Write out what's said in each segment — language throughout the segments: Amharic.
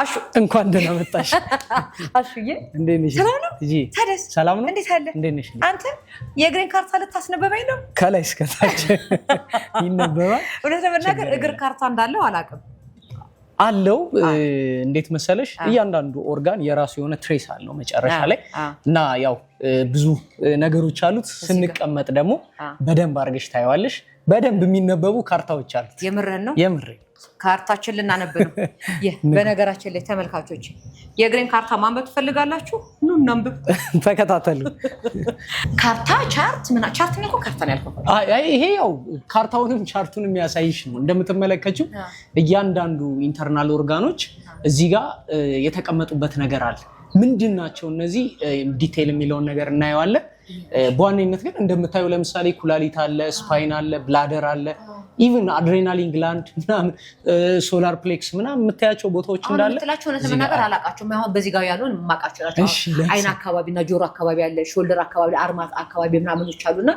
አሹ እንኳን ደህና መጣሽ። አሹዬ እንዴት ነሽ? ሰላም ነው። እጂ ታደስ ሰላም ነው። እንዴት አለ? እንዴት ነሽ? አንተ የእግሬን ካርታ ልታስነበበኝ ነው? ከላይ እስከታች ይነበባል። እውነት ለመናገር እግር ካርታ እንዳለው አላውቅም። አለው እንዴት መሰለሽ፣ እያንዳንዱ ኦርጋን የራሱ የሆነ ትሬስ አለው መጨረሻ ላይ እና ያው ብዙ ነገሮች አሉት። ስንቀመጥ ደግሞ በደንብ አድርገሽ ታየዋለሽ። በደንብ የሚነበቡ ካርታዎች አሉት። የምርህን ነው? የምሬን ካርታችን ልናነብ ነው። በነገራችን ላይ ተመልካቾች የእግሬን ካርታ ማንበብ ትፈልጋላችሁ? ኑ እናንብብ፣ ተከታተሉ። ካርታ ቻርት፣ ምና ቻርት እኮ ካርታ ነው ያልከው። ይሄ ያው ካርታውንም ቻርቱን የሚያሳይሽ ነው። እንደምትመለከችው እያንዳንዱ ኢንተርናል ኦርጋኖች እዚህ ጋር የተቀመጡበት ነገር አለ። ምንድን ናቸው እነዚህ ዲቴይል የሚለውን ነገር እናየዋለን። በዋነኝነት ግን እንደምታዩ ለምሳሌ ኩላሊት አለ፣ ስፓይን አለ፣ ብላደር አለ፣ ኢቨን አድሬናሊን ግላንድ ምናምን ሶላር ፕሌክስ ምናምን የምታያቸው ቦታዎች እንዳለ ምትላቸው እውነት ለመናገር አላውቃቸውም። አሁን በዚህ ጋር ያሉን የማውቃቸው ናቸው። አይን አካባቢ እና ጆሮ አካባቢ አለ፣ ሾልደር አካባቢ፣ አርማ አካባቢ ምናምኖች አሉ እና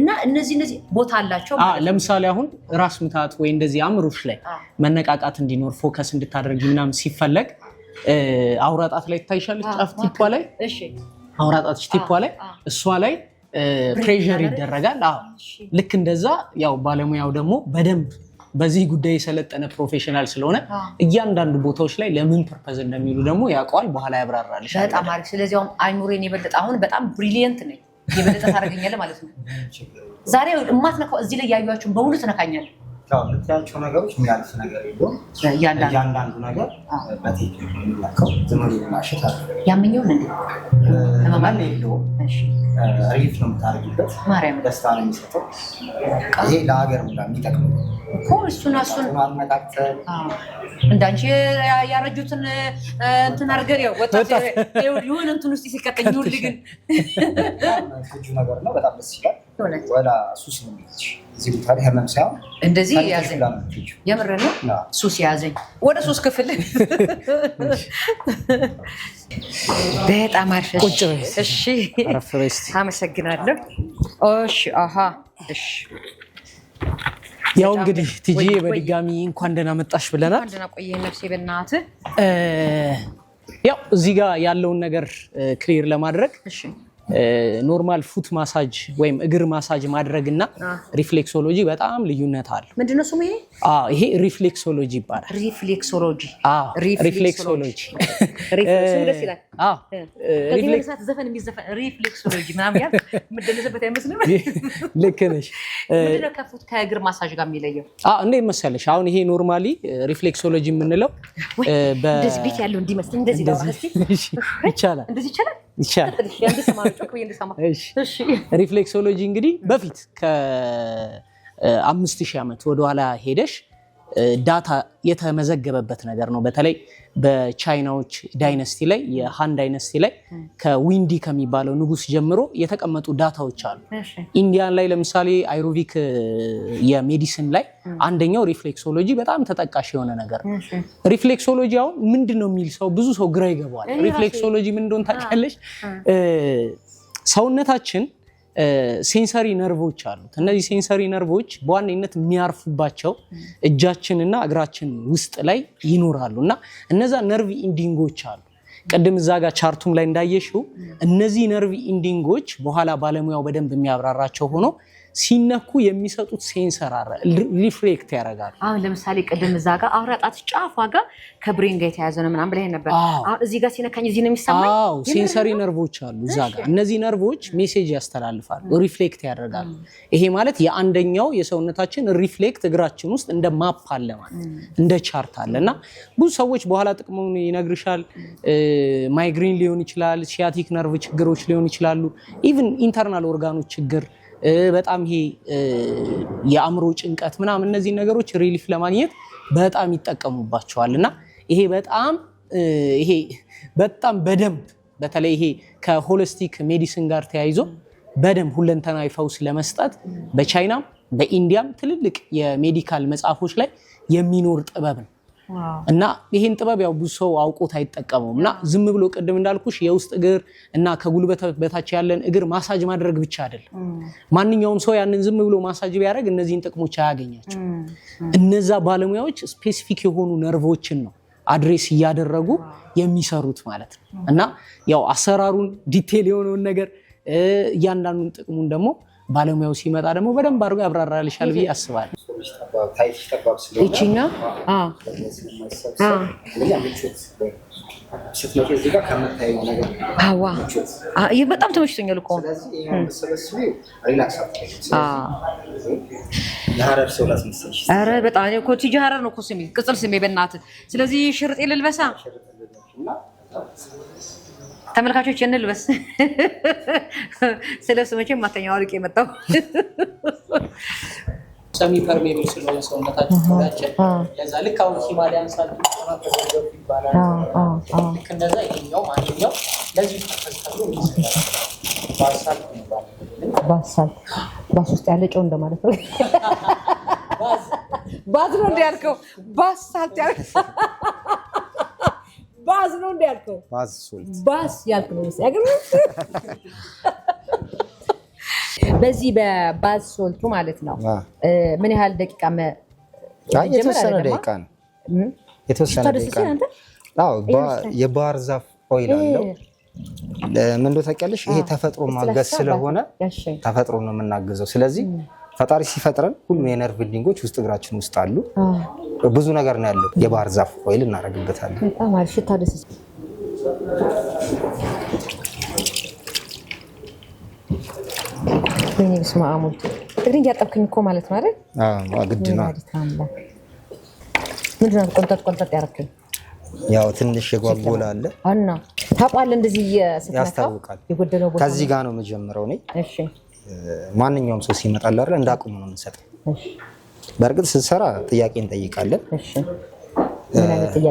እና እነዚህ እነዚህ ቦታ አላቸው። ለምሳሌ አሁን ራስ ምታት ወይ እንደዚህ አእምሮሽ ላይ መነቃቃት እንዲኖር ፎከስ እንድታደርጊ ምናምን ሲፈለግ አውራጣት ላይ ትታይሻለች፣ ጫፍ ቲፓ ላይ አውራ ጣትሽ ቲፖ ላይ እሷ ላይ ፕሬሸር ይደረጋል። ልክ እንደዛ ያው ባለሙያው ደግሞ በደንብ በዚህ ጉዳይ የሰለጠነ ፕሮፌሽናል ስለሆነ እያንዳንዱ ቦታዎች ላይ ለምን ፐርፐዝ እንደሚሉ ደግሞ ያውቀዋል። በኋላ ያብራራልሽ። በጣም አሪፍ። ስለዚህ አሁን አይኑሬን የበለጠ አሁን በጣም ብሪሊየንት ነኝ የበለጠ ታደርገኛለህ ማለት ነው። ዛሬ የማትነካው እዚህ ላይ ያዩዋችሁን በሙሉ ትነካኛለህ። ያቸው ነገሮች የሚያልፍ ነገር የለም። እያንዳንዱ ነገር በቴክኒክ የሚለካው ዝም ብሎ ማሸት አለ። ያመኘውን እንደ የለውም። ሪፍ ነው የምታደርግበት። ማርያም ደስታ ነው የሚሰጠው። ይሄ ለሀገር ሁላ የሚጠቅም እኮ እሱን እሱን ማነቃቀል እንዳንቺ ያረጁትን እንትን አድርገን ያው ወጣት ይሁን እንትን ውስጥ ሲከተኝ ሁል ግን ነገር ነው። በጣም ደስ ይላል። ወላ ሱስ ነው የሚይዝሽ። እዚህ ቦታ ህመም ሳይሆን እንደዚህ ያዘኝ። የምር ነው ሱስ ያዘኝ። ወደ ክፍል በጣም አርፈሽ እሺ። አመሰግናለሁ። እሺ፣ እሺ። ያው እንግዲህ በድጋሚ እንኳን ደህና መጣሽ ብለናል። እንኳን ደህና ቆየህ ነፍሴ በእናትህ። ያው እዚህ ጋር ያለውን ነገር ክሊር ለማድረግ ኖርማል ፉት ማሳጅ ወይም እግር ማሳጅ ማድረግና ሪፍሌክሶሎጂ በጣም ልዩነት አለ። ምንድን ነው ስሙ? ይሄ ይሄ ሪፍሌክሶሎጂ ይባላል። ሪፍሌክሶሎጂ ሪፍሌክሶሎጂ ሪፍሌክሶሎጂ ምናምን እንዴት መሰለሽ? አሁን ይሄ ኖርማሊ ሪፍሌክሶሎጂ የምንለው ሪፍሌክሶሎጂ እንግዲህ በፊት ከአምስት ሺህ ዓመት ወደኋላ ሄደሽ ዳታ የተመዘገበበት ነገር ነው። በተለይ በቻይናዎች ዳይነስቲ ላይ የሃን ዳይነስቲ ላይ ከዊንዲ ከሚባለው ንጉስ ጀምሮ የተቀመጡ ዳታዎች አሉ። ኢንዲያን ላይ ለምሳሌ አይሮቪክ የሜዲሲን ላይ አንደኛው ሪፍሌክሶሎጂ በጣም ተጠቃሽ የሆነ ነገር ነው። ሪፍሌክሶሎጂ አሁን ምንድን ነው የሚል ሰው ብዙ ሰው ግራ ይገባዋል። ሪፍሌክሶሎጂ ምን እንደሆነ ታውቂያለሽ? ሰውነታችን ሴንሰሪ ነርቮች አሉት። እነዚህ ሴንሰሪ ነርቮች በዋነኝነት የሚያርፉባቸው እጃችንና እግራችን ውስጥ ላይ ይኖራሉ እና እነዛ ነርቭ ኢንዲንጎች አሉ። ቅድም እዛ ጋር ቻርቱም ላይ እንዳየሽው እነዚህ ነርቭ ኢንዲንጎች በኋላ ባለሙያው በደንብ የሚያብራራቸው ሆኖ ሲነኩ የሚሰጡት ሴንሰር አለ፣ ሪፍሌክት ያደርጋሉ። አሁን ለምሳሌ ቅድም እዛ ጋር አውራ ጣት ጫፏ ጋር ከብሬን ጋር የተያዘ ነው ምናምን ብለህ ነበር። አሁን እዚህ ጋር ሲነካኝ እዚህ ነው የሚሰማኝ። አዎ ሴንሰሪ ነርቮች አሉ እዛ ጋር። እነዚህ ነርቮች ሜሴጅ ያስተላልፋሉ፣ ሪፍሌክት ያደርጋሉ። ይሄ ማለት የአንደኛው የሰውነታችን ሪፍሌክት እግራችን ውስጥ እንደ ማፕ አለ ማለት እንደ ቻርት አለ እና ብዙ ሰዎች በኋላ ጥቅሙን ይነግርሻል። ማይግሪን ሊሆን ይችላል፣ ሲያቲክ ነርቭ ችግሮች ሊሆን ይችላሉ፣ ኢቭን ኢንተርናል ኦርጋኖች ችግር በጣም ይሄ የአእምሮ ጭንቀት ምናምን እነዚህ ነገሮች ሪሊፍ ለማግኘት በጣም ይጠቀሙባቸዋል እና ይሄ በጣም ይሄ በጣም በደንብ በተለይ ይሄ ከሆሊስቲክ ሜዲሲን ጋር ተያይዞ በደንብ ሁለንተናዊ ፈውስ ለመስጠት በቻይናም በኢንዲያም ትልልቅ የሜዲካል መጽሐፎች ላይ የሚኖር ጥበብ ነው። እና ይሄን ጥበብ ያው ብዙ ሰው አውቆት አይጠቀመውም። እና ዝም ብሎ ቅድም እንዳልኩሽ የውስጥ እግር እና ከጉልበት በታች ያለን እግር ማሳጅ ማድረግ ብቻ አይደለም። ማንኛውም ሰው ያንን ዝም ብሎ ማሳጅ ቢያደርግ እነዚህን ጥቅሞች አያገኛቸው። እነዛ ባለሙያዎች ስፔሲፊክ የሆኑ ነርቮችን ነው አድሬስ እያደረጉ የሚሰሩት ማለት ነው። እና ያው አሰራሩን ዲቴል የሆነውን ነገር እያንዳንዱን ጥቅሙን ደግሞ ባለሙያው ሲመጣ ደግሞ በደንብ አድርጎ ያብራራልሻል ብዬ አስባለሁ። ይችኛ በጣም ተመችቶኛል እኮ በጣም ኮቲጅ ሀረር ነው እኮ ስሜ፣ ቅጽል ስሜ በእናትህ። ስለዚህ ሽርጤ ልልበሳ ተመልካቾች እንልበስ ስለብስ መቼም ማተኛው አውልቅ የመጣው ሰሚ ፐርሜብል ስለሆነ ሰውነታችን ለዛ ልክ አሁን ሂማሊያን ሳል ይባላል። ልክ እንደዛ ይሄኛው ማንኛው ለዚህ ባስ ውስጥ ያለ ጨው እንደማለት ነው። ባዝ ነው እንዲያልከው ባሳልት ያልከው ያልከው ባስ ያልክ ነው መሰለኝ። በዚህ በባዝ ሶልቱ ማለት ነው ምን ያህል ደቂቃ? የተወሰነ ደቂቃ ነው። የተወሰነ ደቂቃ የባህር ዛፍ ኦይል አለው። ምን እንደው ታውቂያለሽ፣ ይሄ ተፈጥሮ ማገዝ ስለሆነ ተፈጥሮ ነው የምናገዘው ስለዚህ ፈጣሪ ሲፈጥረን ሁሉም የነርቭ ቢልዲንጎች ውስጥ እግራችን ውስጥ አሉ። ብዙ ነገር ነው ያለው። የባህር ዛፍ ኦይል እናደርግበታለን። ወይኔ በስመ አብ ወልድ እግሬን እያጠብክኝ እኮ ማለት ነው አይደል? ግድ ነው። ምንድን ነው ቆንጠጥ ቆንጠጥ ያደረክኝ? ያው ትንሽ የጓጎላ አለ እና ታውቃለህ፣ እንደዚህ ያስታውቃል። የጎደለው ቦታ ከዚህ ጋር ነው የምጀምረው እኔ። ማንኛውም ሰው ሲመጣል አይደል፣ እንዳቅሙ ነው የምንሰጠው። በእርግጥ ስንሰራ ጥያቄ እንጠይቃለን።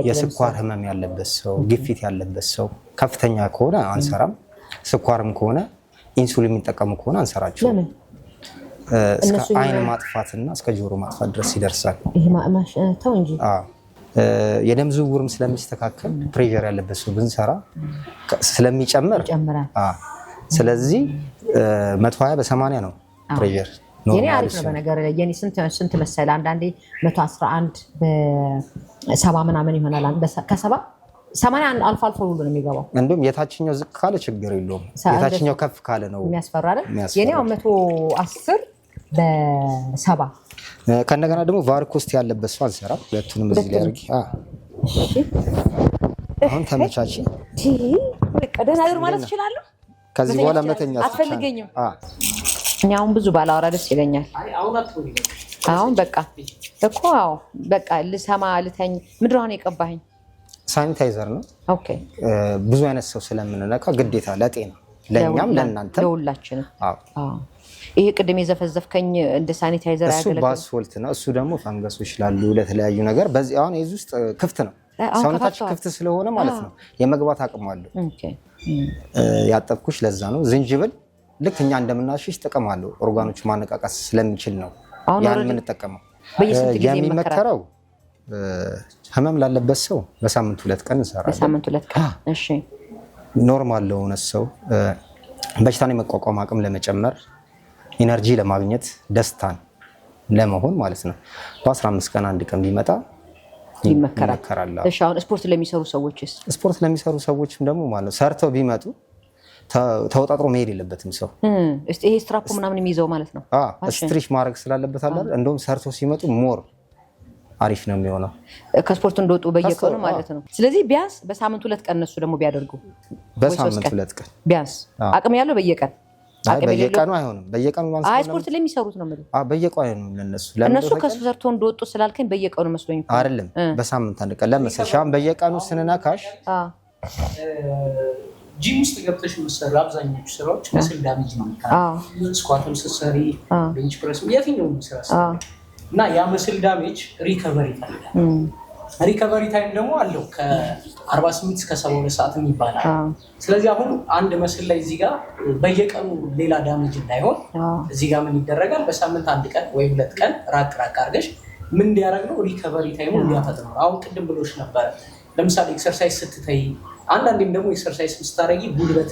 የስኳር ህመም ያለበት ሰው፣ ግፊት ያለበት ሰው ከፍተኛ ከሆነ አንሰራም። ስኳርም ከሆነ ኢንሱሊን የሚጠቀሙ ከሆነ አንሰራቸው። እስከ አይን ማጥፋትና እስከ ጆሮ ማጥፋት ድረስ ይደርሳል። የደም ዝውውርም ስለሚስተካከል ፕሬር ያለበት ሰው ብንሰራ ስለሚጨምር ስለዚህ መቶ ሀያ በሰማንያ ነው ፕሬር የኔ አሪፍ ነው። በነገር የኔ ስንት መሰለ አንዳንዴ መቶ አስራ አንድ ሰባ ምናምን ይሆናል። ከሰባ ሰማንያ አልፎ አልፎ ሁሉ ነው የሚገባው። እንዲሁም የታችኛው ዝቅ ካለ ችግር የለውም። የታችኛው ከፍ ካለ ነው የሚያስፈራ የኔው መቶ አስር በሰባ ከእንደገና ደግሞ ቫርክ ውስጥ ያለበት ሰው አንሰራም። ሁለቱንም እዚህ ላይ አሁን ተመቻች። ደህና ማለት እችላለሁ ከዚህ በኋላ መተኛ አትፈልገኝም እኔ አሁን ብዙ ባላወራ ደስ ይለኛል። አሁን በቃ እኮ አዎ፣ በቃ ልሰማ ልተኝ። ምድር የቀባኝ ሳኒታይዘር ነው። ብዙ አይነት ሰው ስለምንነካ ግዴታ ለጤና ለእኛም ለእናንተ ለሁላችንም። ይሄ ቅድም የዘፈዘፍከኝ እንደ ሳኒታይዘር እሱ በአስፎልት ነው። እሱ ደግሞ ፈንገሶች ላሉ ለተለያዩ ነገር በዚህ አሁን የዚህ ውስጥ ክፍት ነው። ሰውነታችን ክፍት ስለሆነ ማለት ነው የመግባት አቅም አለው። ያጠብኩሽ ለዛ ነው ዝንጅብል ልክ እኛ እንደምናሽሽ ጥቅም አለው። ኦርጋኖች ማነቃቃት ስለሚችል ነው ያን የምንጠቀመው። የሚመከረው ህመም ላለበት ሰው በሳምንት ሁለት ቀን እንሰራለን። ኖርማል ለሆነ ሰው በሽታን የመቋቋም አቅም ለመጨመር፣ ኢነርጂ ለማግኘት፣ ደስታን ለመሆን ማለት ነው። በ15 ቀን አንድ ቀን ቢመጣ ይመከራል። ስፖርት ለሚሰሩ ሰዎች ስፖርት ለሚሰሩ ሰዎችም ደግሞ ማለት ነው ሰርተው ቢመጡ ተወጣጥሮ መሄድ የለበትም ሰው። ይሄ ስትራፕ ምናምን የሚይዘው ማለት ነው። ስትሪች ማድረግ ስላለበት አለ እንደውም ሰርቶ ሲመጡ ሞር አሪፍ ነው የሚሆነው ከስፖርት እንደወጡ በየቀኑ ማለት ነው። ስለዚህ ቢያንስ በሳምንት ሁለት ቀን እነሱ ደግሞ ቢያደርጉ በሳምንት ሁለት ቀን ቢያንስ አቅም ያለው በየቀን በየቀኑ አይሆንም። በየቀኑ ስፖርት ለሚሰሩት ነው የምልህ። በየቀኑ አይሆንም ለነሱ እነሱ ከሱ ሰርቶ እንደወጡ ስላልከኝ በየቀኑ መስሎኝ አይደለም። በሳምንት አንድ ቀን ለመሰለሽ አሁን በየቀኑ ስንነካሽ ጂም ውስጥ ገብተሽ የምትሰሩ አብዛኞቹ ስራዎች መስል ዳሜጅ የሚካል ስኳትም ስትሰሪ ቤንች ፕረስ የትኛውም ስራ እና ያ መስል ዳሜጅ ሪከቨሪ ታይም ሪከቨሪ ታይም ደግሞ አለው ከ48 እስከ 72 ሰዓት ይባላል። ስለዚህ አሁን አንድ መስል ላይ እዚህ ጋር በየቀኑ ሌላ ዳሜጅ እንዳይሆን እዚህ ጋር ምን ይደረጋል? በሳምንት አንድ ቀን ወይ ሁለት ቀን ራቅ ራቅ አድርገሽ ምን እንዲያደርግ ነው ሪከቨሪ ታይሙ ነው። አሁን ቅድም ብሎች ነበረ ለምሳሌ ኤክሰርሳይዝ ስትተይ አንዳንዴም ደግሞ ኤክሰርሳይዝ ስታደርጊ ጉልበት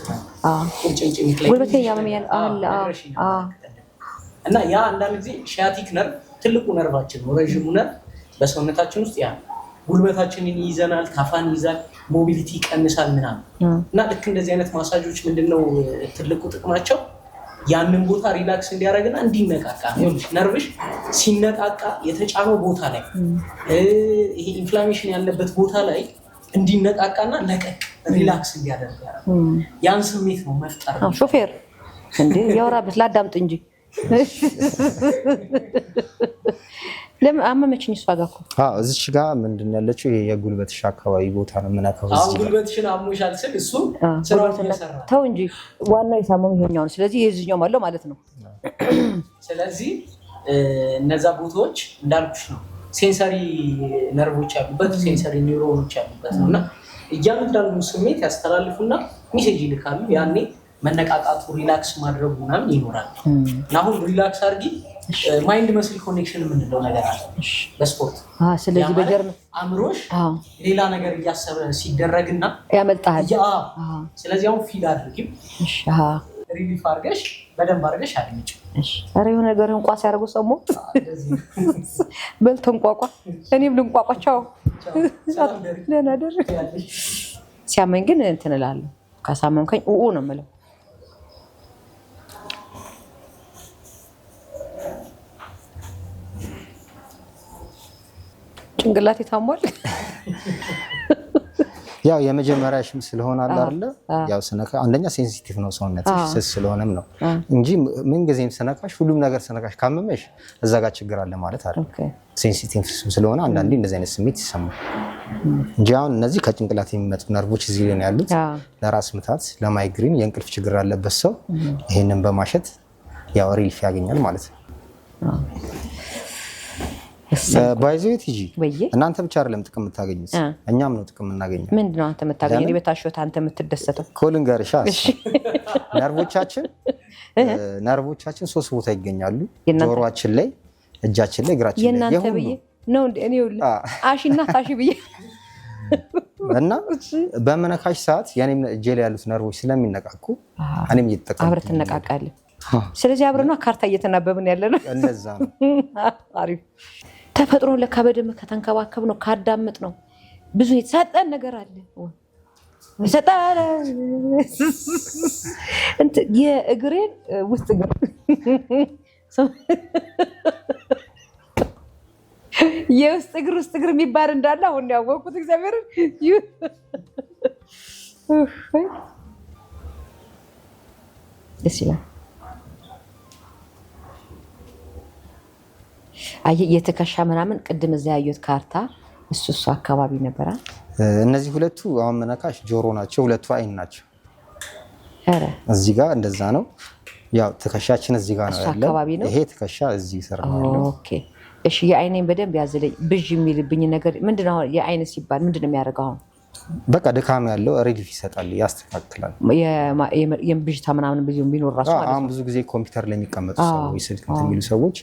እና ያ አንዳንድ ጊዜ ሺያቲክ ነርቭ ትልቁ ነርቫችን ነው። ረዥሙ ነርቭ በሰውነታችን ውስጥ ያ ጉልበታችንን ይይዘናል፣ ታፋን ይይዛል፣ ሞቢሊቲ ይቀንሳል ምናምን እና ልክ እንደዚህ አይነት ማሳጆች ምንድነው ትልቁ ጥቅማቸው ያንን ቦታ ሪላክስ እንዲያደርግና እንዲነቃቃ ነርቭሽ ሲነቃቃ የተጫነው ቦታ ላይ ይሄ ኢንፍላሜሽን ያለበት ቦታ ላይ እንዲነቃቃና ለቀቅ ሪላክስ እንዲያደርግ ያን ስሜት ነው መፍጠር። ሾፌር እንዴ ያወራበት ላዳምጥ እንጂ ለምን አመመችኝ? እሷ ጋር እኮ እዚች ጋ ምንድን ነው ያለችው? ይሄ የጉልበትሽ አካባቢ ቦታ ነው የምናከው። አሁን ጉልበትሽን አሞሻል ስል እሱ ተው እንጂ ዋናው የታመመው ይሄኛው ነው። ስለዚህ የዚህኛውም አለው ማለት ነው። ስለዚህ እነዛ ቦታዎች እንዳልኩሽ ነው ሴንሰሪ ነርቮች ያሉበት ሴንሰሪ ኒውሮኖች ያሉበት ነው እና እያንዳንዱ ስሜት ያስተላልፉና ሚሴጅ ይልካሉ። ያኔ መነቃቃቱ ሪላክስ ማድረጉ ምናምን ይኖራል አሁን ሪላክስ አድርጊ ማይንድ መስል ኮኔክሽን የምንለው ነገር አለ በስፖርት ስለዚህ በጀር አእምሮሽ ሌላ ነገር እያሰበ ሲደረግና ያመልጣል። ስለዚህ አሁን ፊል አድርጊም ሪሊፍ አርገሽ በደንብ አርገሽ አድምጪው። ኧረ የሆነ ነገርህን ቋስ ያደርጉ ሰሞ በል እንቋቋ እኔም ልንቋቋ። ቻው ደህና ደር። ሲያመኝ ግን እንትን እላለሁ። ካሳመምከኝ ኡ ነው የምለው። ጭንቅላቴ ታሟል። ያው የመጀመሪያሽም ስለሆነ አለ አይደለ? ያው ስነካ አንደኛ ሴንሲቲቭ ነው ሰውነት ስስ ስለሆነም ነው እንጂ ምንጊዜም ስነካሽ ሁሉም ነገር ስነካሽ ካመመሽ እዛ ጋር ችግር አለ ማለት አይደለም። ሴንሲቲቭ ስለሆነ አንዳንዴ እንደዚህ አይነት ስሜት ይሰማል እንጂ አሁን እነዚህ ከጭንቅላት የሚመጡ ነርቮች እዚህ ላይ ያሉት ለራስ ምታት፣ ለማይግሪን፣ የእንቅልፍ ችግር አለበት ሰው ይሄንን በማሸት ያው ሪሊፍ ያገኛል ማለት ነው። ባይዘዌት ሂጂ። እናንተ ብቻ አይደለም ጥቅም የምታገኙት፣ እኛም ነው ጥቅም እናገኘው። ምንድን ነው አንተ የምታገኘው? እኔ በታሸሁት አንተ የምትደሰተው ኮልን ጋር ሻ ነርቮቻችን ነርቮቻችን ሶስት ቦታ ይገኛሉ። ጆሮአችን ላይ፣ እጃችን ላይ፣ እግራችን ላይ የእናንተ ብዬ ነው እኔ አሺ እና ታሺ ብዬ እና በመነካሽ ሰዓት የኔም እጄ ላይ ያሉት ነርቮች ስለሚነቃቁ እኔም እየተጠቀምኩ አብረን ትነቃቃለን። ስለዚህ አብረኗ ካርታ እየተናበብን ያለ ነው። እንደዛ ነው። አሪፍ ተፈጥሮን ለካ በደንብ ከተንከባከብ ነው ካዳምጥ ነው ብዙ የተሰጠን ነገር አለ። የእግሬን ውስጥ እግር የውስጥ እግር ውስጥ እግር የሚባል እንዳለ አሁን ያወቅኩት እግዚአብሔር ደስ ይላል። አየህ የተከሻ ምናምን ቅድም እዛ ያየሁት ካርታ እሱ እሱ አካባቢ ነበራ። እነዚህ ሁለቱ አሁን መነካሽ ጆሮ ናቸው፣ ሁለቱ አይን ናቸው። እዚህ ጋር እንደዛ ነው። ያው ትከሻችን እዚህ ጋር ነው ነው። ይሄ ትከሻ እዚህ ስራ ነው። ኦኬ እሺ። የአይኔን በደንብ ያዝለኝ። ብዥ የሚልብኝ ነገር ምንድነው? የአይን ሲባል ምንድነው የሚያደርገው አሁን በቃ ድካም ያለው ሪሊፍ ይሰጣል፣ ያስተካክላል። የብዥታ ምናምን ቢኖር ራሱ አሁን ብዙ ጊዜ ኮምፒውተር ላይ የሚቀመጡ ሰዎች ስልክ የሚሉ ሰዎች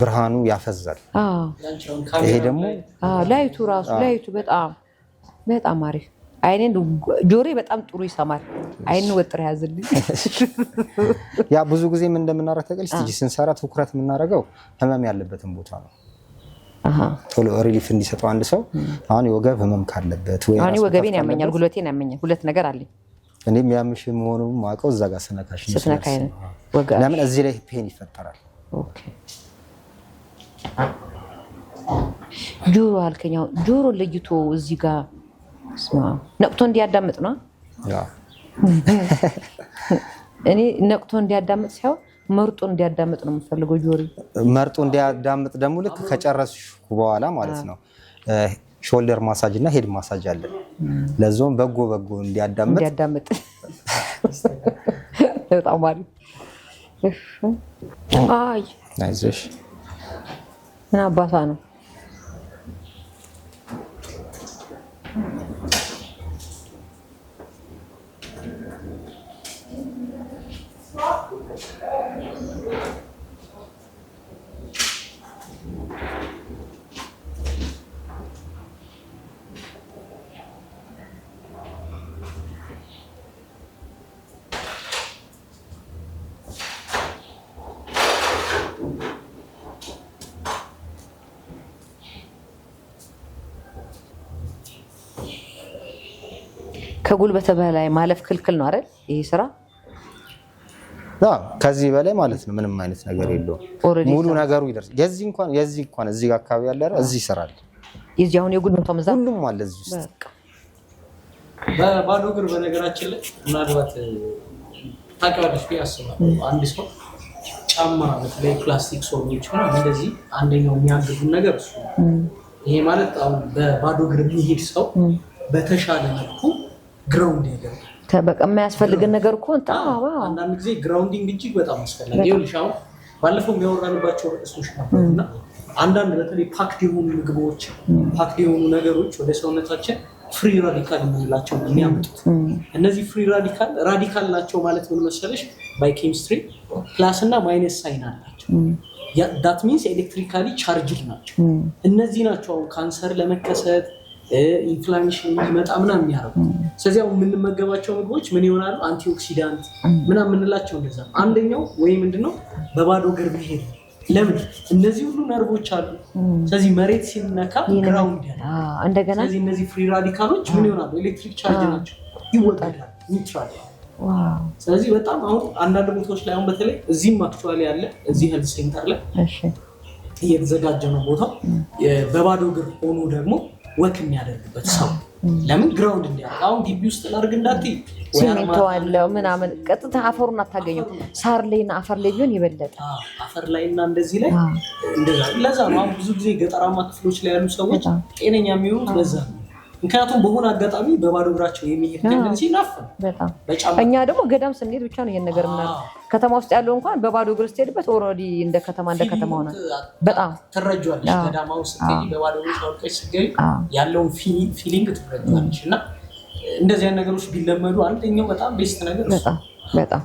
ብርሃኑ ያፈዛል። ይሄ ደግሞ ላይቱ ራሱ ላይቱ በጣም በጣም አሪፍ አይኔን ጆሬ በጣም ጥሩ ይሰማል። አይን ወጥር ያዝልኝ። ያ ብዙ ጊዜ ምን እንደምናደርግ ተቀልስ ስንሰራ ትኩረት የምናደርገው ህመም ያለበትን ቦታ ነው። ቶሎ ሪሊፍ እንዲሰጠው አንድ ሰው አሁን የወገብ ህመም ካለበት ወይ ወገቤን ያመኛል፣ ጉልበቴን ያመኛል፣ ሁለት ነገር አለኝ። እኔም ያምሽ መሆኑ ማውቀው እዛ ጋር ስነካሽ ለምን እዚህ ላይ ፔን ይፈጠራል። ጆሮ አልከኛው ጆሮ ለይቶ እዚህ ጋር ነቅቶ እንዲያዳምጥ ነው። እኔ ነቅቶ እንዲያዳምጥ ሳይሆን መርጦ እንዲያዳምጥ ነው የምፈልገው። ጆሪ መርጦ እንዲያዳምጥ ደግሞ ልክ ከጨረስሽ በኋላ ማለት ነው ሾልደር ማሳጅ እና ሄድ ማሳጅ አለ። ለዞም በጎ በጎ እንዲያዳምጥ እንዲያዳምጥ በጣም አሪፍ። አይ አይዞሽ፣ ምን አባቷ ነው ከጉልበት በላይ ማለፍ ክልክል ነው አይደል? ይሄ ስራ ከዚህ በላይ ማለት ነው። ምንም አይነት ነገር የለውም። ሙሉ ነገሩ ይደርስ። የዚህ እንኳን የዚህ እንኳን እዚህ ጋር አካባቢ ያለ እዚህ ይሰራል። የዚህ አሁን የጉልበቷ መዛ ሁሉም አለ እዚህ ውስጥ ባዶ እግር። በነገራችን ላይ ምናልባት ታውቂዋለሽ ብዬ አስባለሁ። አንድ ሰው ጫማ በተለይ ፕላስቲክ ሶሎች ሆ እንደዚህ አንደኛው የሚያግዙን ነገር እሱ ይሄ ማለት አሁን በባዶ እግር የሚሄድ ሰው በተሻለ መልኩ ግራውንድ ይገባል። በቃ የማያስፈልግን ነገር እኮ አንዳንድ ጊዜ ግራውንዲንግ እጅግ በጣም አስፈላጊ ይኸውልሽ፣ አሁን ባለፈው የሚያወራንባቸው ርዕሶች ነበር እና አንዳንድ በተለይ ፓክድ የሆኑ ምግቦች፣ ፓክድ የሆኑ ነገሮች ወደ ሰውነታችን ፍሪ ራዲካል የምንላቸው የሚያመጡት እነዚህ ፍሪ ራዲካል ራዲካል ናቸው ማለት ምን መሰለሽ፣ ባይ ኬሚስትሪ ፕላስ እና ማይነስ ሳይን አላቸው። ዳት ሚንስ ኤሌክትሪካሊ ቻርጅድ ናቸው። እነዚህ ናቸው አሁን ካንሰር ለመከሰት ኢንፍላሜሽን እንዲመጣ ምናምን የሚያደርጉ ስለዚህ አሁን የምንመገባቸው ምግቦች ምን ይሆናሉ? አንቲኦክሲዳንት ምናምን የምንላቸው እንደዛ አንደኛው ወይ ምንድነው በባዶ እግር መሄድ። ለምን እነዚህ ሁሉ ነርቦች አሉ። ስለዚህ መሬት ሲነካ ግራውንድ ያለ እንደገና፣ ስለዚህ እነዚህ ፍሪ ራዲካሎች ምን ይሆናሉ? ኤሌክትሪክ ቻርጅ ናቸው፣ ይወጣዳል፣ ኒውትራል። ስለዚህ በጣም አሁን አንዳንድ ቦታዎች ላይ አሁን በተለይ እዚህም አክቹዋሊ ያለ እዚህ ሄልዝ ሴንተር ላይ እየተዘጋጀ ነው ቦታው በባዶ እግር ሆኖ ደግሞ ወክ የሚያደርግበት ሰው ለምን ግራውንድ እንዲያደርግ አሁን ግቢ ውስጥ ላድርግ እንዳትይ ሲሚንቶ አለው ምናምን ቀጥታ አፈሩን አታገኘው። ሳር ላይና አፈር ላይ ቢሆን ይበለጠ አፈር ላይና እንደዚህ ላይ እንደዛ። ለዛ ነው አሁን ብዙ ጊዜ ገጠራማ ክፍሎች ላይ ያሉ ሰዎች ጤነኛ የሚሆኑት ለዛ ነው። ምክንያቱም በሆነ አጋጣሚ በባዶ እግራቸው የሚሄድ እኛ ደግሞ ገዳም ስንሄድ ብቻ ነው ይሄን ነገር ምናምን ከተማ ውስጥ ያለው እንኳን በባዶ እግር ስትሄድበት ኦልሬዲ እንደ ከተማ እንደ ከተማ ሆነ በጣም ትረጃለች። ገዳማ ውስጥ በባዶ እግር ወድቀሽ ስትገቢ ያለውን ፊሊንግ ትረጃለች። እና እንደዚህ አይነት ነገሮች ቢለመዱ አንደኛው በጣም ቤስት ነገር በጣም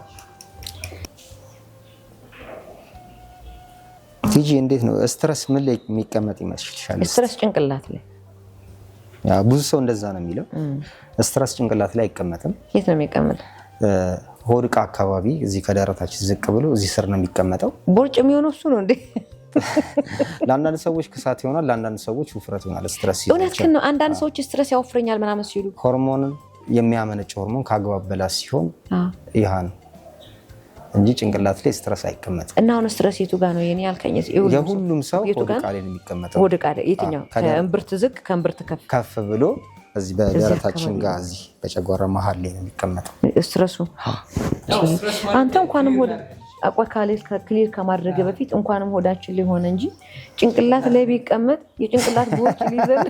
ቲጂ እንዴት ነው ስትረስ ምን ላይ የሚቀመጥ ይመስልሻል? ስትረስ ጭንቅላት ላይ ብዙ ሰው እንደዛ ነው የሚለው። ስትረስ ጭንቅላት ላይ አይቀመጥም። የት ነው የሚቀመጠው? ሆድ ዕቃ አካባቢ እዚህ ከደረታችን ዝቅ ብሎ እዚህ ስር ነው የሚቀመጠው። ቦርጭ የሚሆነው እሱ ነው እንዴ? ለአንዳንድ ሰዎች ክሳት ይሆናል፣ ለአንዳንድ ሰዎች ውፍረት ይሆናል። ስትረስ እውነትህን ነው። አንዳንድ ሰዎች ስትረስ ያወፍረኛል ምናምን ሲሉ ሆርሞንን የሚያመነጭ ሆርሞን ከአግባብ በላ ሲሆን ይህ ነው እንጂ ጭንቅላት ላይ ስትረስ አይቀመጥም። እና አሁን ስትረስ የቱ ጋ ነው የኔ ያልከኝ? የሁሉም ሰው ሆድ ዕቃ ላይ ነው የሚቀመጠው። ሆድ ዕቃ ላይ የትኛው? ከእምብርት ዝቅ ከእምብርት ከፍ ከፍ ብሎ እዚህ በደረታችን ጋር እዚህ በጨጓራ መሀል ላይ ነው የሚቀመጠው ስትረሱ። አንተ እንኳንም ሆድ አቋ ክሊር ከማድረግ በፊት እንኳንም ሆዳችን ሊሆን እንጂ ጭንቅላት ላይ ቢቀመጥ የጭንቅላት ቦርጭ ሊዘል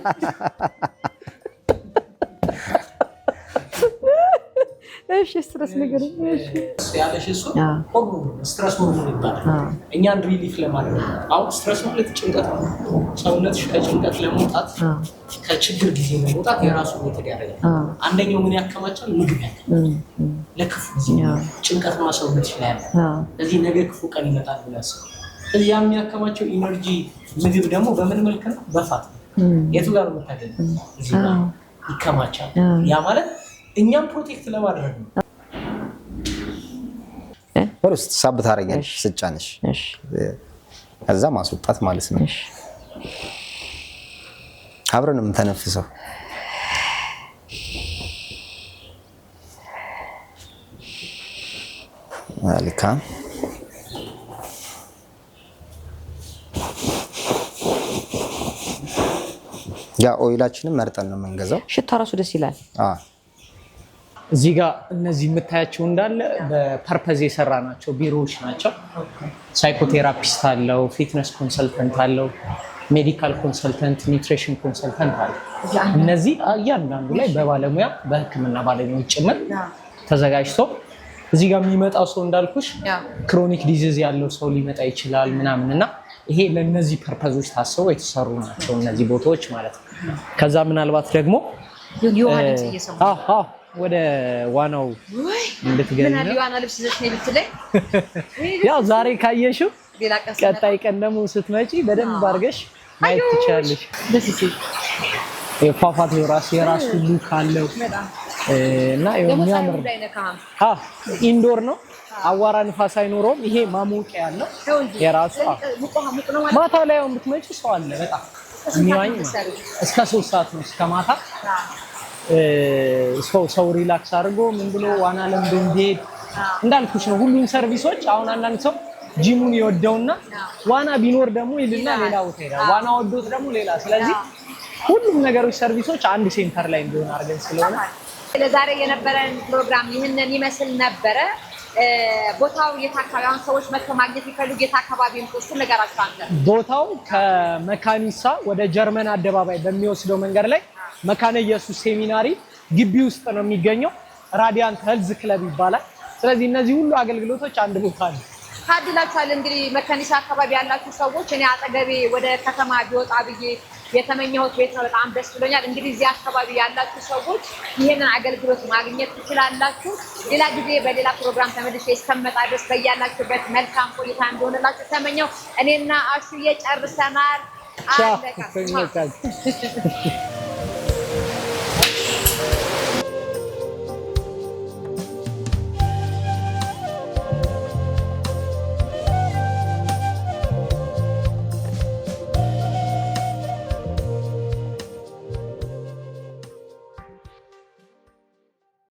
እሺ ስትረስ ነገር እሺ ያለሽ እሱ ሆርሞን ስትረስ ሆርሞን ይባላል። እኛን ሪሊፍ ለማድረግ አሁን ስትረስ ማለት ጭንቀት ነው። ሰውነትሽ ከጭንቀት ለመውጣት ከችግር ጊዜ ለመውጣት የራሱ ሜተድ ያደርጋል። አንደኛው ምን ያከማቻል? ምግብ ያከማል። ለክፉ ጭንቀት ማ ሰውነትሽ ላይ ያለ ስለዚህ ነገ ክፉ ቀን ይመጣል ብለስ እዚህ የሚያከማቸው ኢነርጂ ምግብ ደግሞ በምን መልክ ነው? በፋት የቱ ጋር የምታገኘው ይከማቻል። ያ ማለት እኛም ፕሮቴክት ለማድረግ ነው። ውስጥ ሳብ ታደርጊያለሽ ስጫንሽ፣ ከዛ ማስወጣት ማለት ነው። አብረን የምተነፍሰው ልካ ያ ኦይላችንም መርጠን ነው የምንገዛው። ሽታ ራሱ ደስ ይላል። እዚህ ጋር እነዚህ የምታያቸው እንዳለ በፐርፐዝ የሰራ ናቸው ቢሮዎች ናቸው። ሳይኮቴራፒስት አለው፣ ፊትነስ ኮንሰልተንት አለው፣ ሜዲካል ኮንሰልተንት፣ ኒውትሪሽን ኮንሰልተንት አለ። እነዚህ እያንዳንዱ ላይ በባለሙያ በህክምና ባለሙያዎች ጭምር ተዘጋጅቶ እዚህ ጋር የሚመጣው ሰው እንዳልኩሽ ክሮኒክ ዲዚዝ ያለው ሰው ሊመጣ ይችላል ምናምን እና ይሄ ለእነዚህ ፐርፐዞች ታስበው የተሰሩ ናቸው እነዚህ ቦታዎች ማለት ነው። ከዛ ምናልባት ደግሞ ወደ ዋናው እንድትገኝ ነው። ዋና ልብስ ይዘሽ ነው ብትለኝ፣ ያው ዛሬ ካየሽው ቀጣይ ቀን ደግሞ ስትመጪ በደንብ አድርገሽ ማየት ትችላለሽ። ደስ ሲል የፏፏቴው ራሱ የራሱ ሉክ አለው እና የሚያምር ኢንዶር ነው። አዋራ ንፋስ አይኖረውም። ይሄ ማሞቂያ ያለው የራሱ ማታ ላይ አሁን ብትመጪ ሰው አለ በጣም የሚዋኝ እስከ ሶስት ሰዓት ነው እስከ ማታ ሰው ሰው ሪላክስ አድርጎ ምን ብሎ ዋና ለምዶ እንዲሄድ እንዳልኩሽ ነው። ሁሉም ሰርቪሶች አሁን አንዳንድ ሰው ጂሙን ይወደውና ዋና ቢኖር ደግሞ ይልና ሌላ ቦታ ይሄዳል። ዋና ወዶት ደግሞ ሌላ። ስለዚህ ሁሉም ነገሮች ሰርቪሶች አንድ ሴንተር ላይ እንዲሆን አድርገን ስለሆነ ለዛሬ የነበረን ፕሮግራም ይህንን ይመስል ነበረ። ቦታው የት አካባቢ አሁን ሰዎች መጥቶ ማግኘት ይፈልጉ የት አካባቢ ምቆስ ነገራቸው አንተ ቦታው ከመካኒሳ ወደ ጀርመን አደባባይ በሚወስደው መንገድ ላይ መካነ ኢየሱስ ሴሚናሪ ግቢ ውስጥ ነው የሚገኘው። ራዲያንት ሄልዝ ክለብ ይባላል። ስለዚህ እነዚህ ሁሉ አገልግሎቶች አንድ ቦታ ነው። ታድላችኋል። እንግዲህ መከኒሳ አካባቢ ያላችሁ ሰዎች እኔ አጠገቤ ወደ ከተማ ቢወጣ ብዬ የተመኘሁት ቤት ነው። በጣም ደስ ብሎኛል። እንግዲህ እዚህ አካባቢ ያላችሁ ሰዎች ይህንን አገልግሎት ማግኘት ትችላላችሁ። ሌላ ጊዜ በሌላ ፕሮግራም ተመልሼ እስከምመጣ ድረስ በያላችሁበት መልካም ቆይታ እንደሆነላችሁ ተመኘው። እኔና አሹዬ ጨርሰናል፣ አለቀ።